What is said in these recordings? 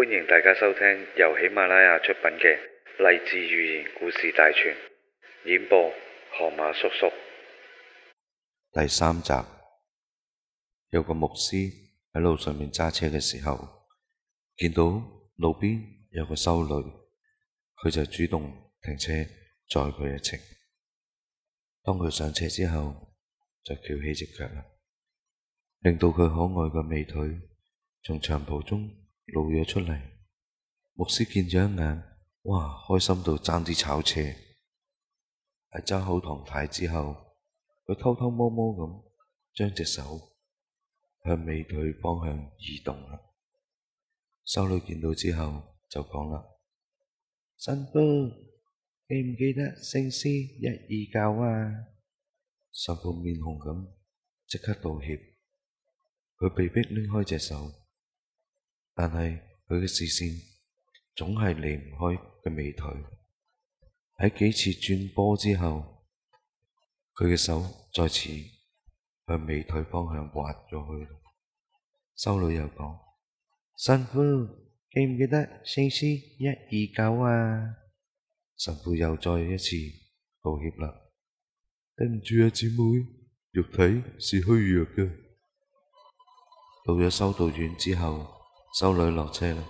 歡迎大家收聽由喜馬拉雅出品嘅《勵志寓言故事大全》，演播：河馬叔叔。第三集，有個牧師喺路上面揸車嘅時候，見到路邊有個修女，佢就主動停車載佢一程。當佢上車之後，就翹起隻腳啦，令到佢可愛嘅美腿從長袍中。露咗出嚟，牧師見咗一眼，哇，開心到爭啲炒車。喺、啊、揸好唐太之後，佢偷偷摸摸咁將隻手向美腿方向移動啦。修女見到之後就講啦：神父，記唔記得聖詩一二教啊？神父面紅咁，即刻道歉。佢被迫拎開隻手。但係佢嘅視線總係離唔開嘅美腿。喺幾次轉波之後，佢嘅手再次向美腿方向滑咗去了。修女又講：神父，記唔記得聖詩一二九啊？神父又再一次道歉啦，對唔住啊，姊妹，肉體是虛弱嘅。到咗修道院之後。修女落車啦，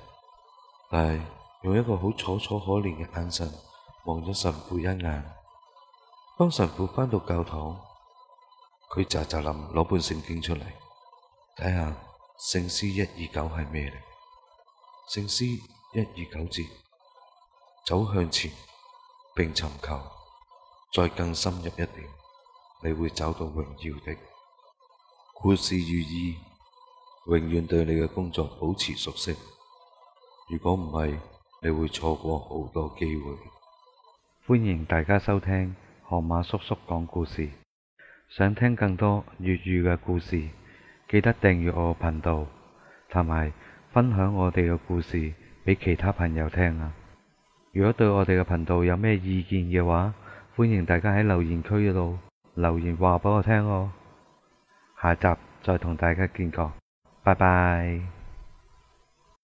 但係用一個好楚楚可憐嘅眼神望咗神父一眼。當神父翻到教堂，佢咋咋諗攞本聖經出嚟睇下聖詩一二九係咩嚟？聖詩一二九節：走向前，並尋求，再更深入一點，你會找到榮耀的。故事寓意。永遠對你嘅工作保持熟悉。如果唔係，你會錯過好多機會。歡迎大家收聽河馬叔叔講故事。想聽更多粵語嘅故事，記得訂閱我個頻道，同埋分享我哋嘅故事俾其他朋友聽啊！如果對我哋嘅頻道有咩意見嘅話，歡迎大家喺留言區度留言話俾我聽哦。下集再同大家見過。拜拜。